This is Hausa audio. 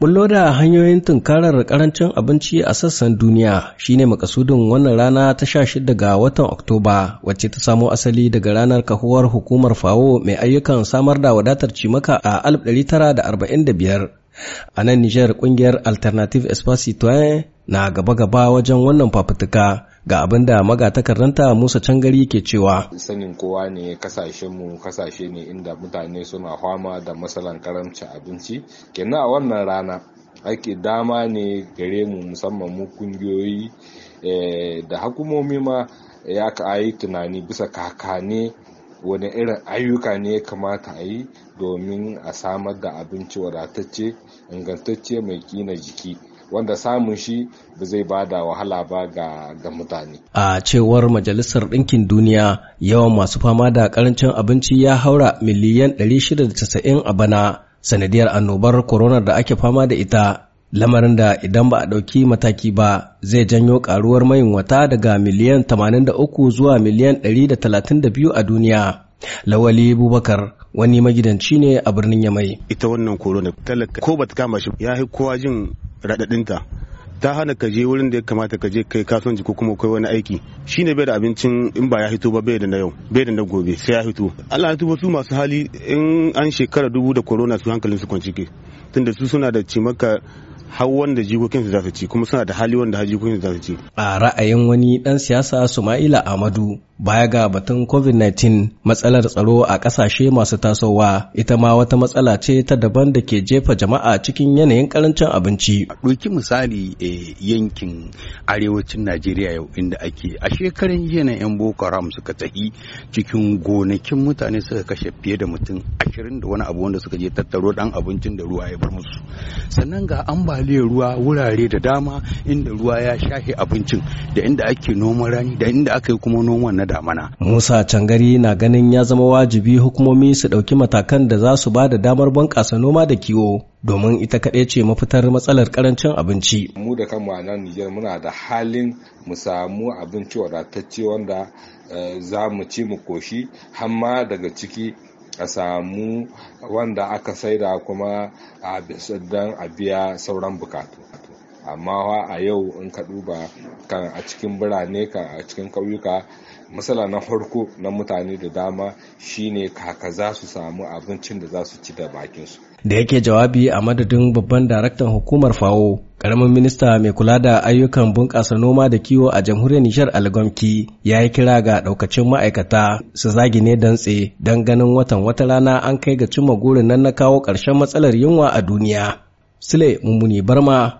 Bullo da hanyoyin tunkarar karancin abinci a sassan duniya shine makasudin wannan rana ta sha shida ga watan Oktoba wacce ta samo asali daga ranar kahuwar hukumar FAO mai ayyukan samar da wadatar cimaka a 1945 A nan Nijar kungiyar Alternative Espace Citoyen na gaba-gaba wajen wannan fafutuka ga abin da magatakarranta Musa Cangari ke cewa. Sanin kowa ne kasashenmu kasashe ne inda mutane suna fama da matsalan karamci abinci. Kenan a wannan rana ake dama ne gare mu musamman mu kungiyoyi eh, da hukumomi ma ya ka yi tunani bisa kakane wani irin ayyuka ne ya kamata a yi domin a samar da abinci wadatacce ingantacce mai kina jiki wanda samun shi ba zai ba da wahala ba ga, mutane. A cewar Majalisar Ɗinkin Duniya yawan masu fama da ƙarancin abinci ya haura miliyan 690 a bana sanadiyar annobar corona da ake fama da ita lamarin da idan ba a ɗauki mataki ba zai janyo ƙaruwar wata daga miliyan 83 zuwa miliyan 132 a duniya. Lawali Bubakar wani magidanci ne a birnin Yamai. Ita wannan korona talaka ko bata kama shi ya kowa jin raɗaɗinta ta hana ka je wurin da ya kamata ka je kai kasuwanci ko kuma kai wani aiki shi ne bai da abincin in ba ya hito ba bai da na yau bai da na gobe sai ya hito Allah ya tuba su masu hali in an shekara dubu da korona su hankalin su kwanci ke tunda su suna da cimaka har wanda jikokin su za su ci kuma suna da hali wanda har jikokin su za su ci a ra'ayin wani dan siyasa Sumaila Amadu baya ga batun COVID-19 matsalar tsaro a ƙasashe masu tasowa ita ma wata matsala ce ta daban da ke jefa jama'a cikin yanayin karancin abinci ɗauki misali eh, yankin arewacin Najeriya yau inda ake a shekaran jiya na 'yan Boko Haram suka tahi cikin gonakin mutane suka kashe fiye da mutum ashirin da wani abu wanda suka je tattaro dan abincin da ruwa ya bar musu sannan ga ambaliyar ruwa wurare da dama inda ruwa ya shahe abincin da inda ake noman rani da inda aka yi kuma noman na damana musa cangari na ganin ya zama wajibi hukumomi su ɗauki matakan da za su ba da damar bunƙasa noma da kiwo domin ita kaɗai ce mafitar matsalar karancin abinci. Mu da kanmu a nan Nijar muna da halin mu samu abinci wadatacce wanda eh, za mu ci mu koshi ma daga ciki a samu wanda aka saida kuma a don a biya sauran bukatu amma a yau in ka duba kan a cikin birane kan a cikin ƙauyuka matsala na farko na mutane da dama shine kaka za su samu abincin da za su ci da bakinsu da yake jawabi a madadin babban daraktan hukumar fawo karamin minista mai kula da ayyukan bunƙasa noma da kiwo a jamhuriyar nishar algonki ya yi kira ga ɗaukacin ma'aikata su zagi ne dantse don ganin watan wata rana an kai ga cimma gurin nan na kawo ƙarshen matsalar yunwa a duniya sule mummuni barma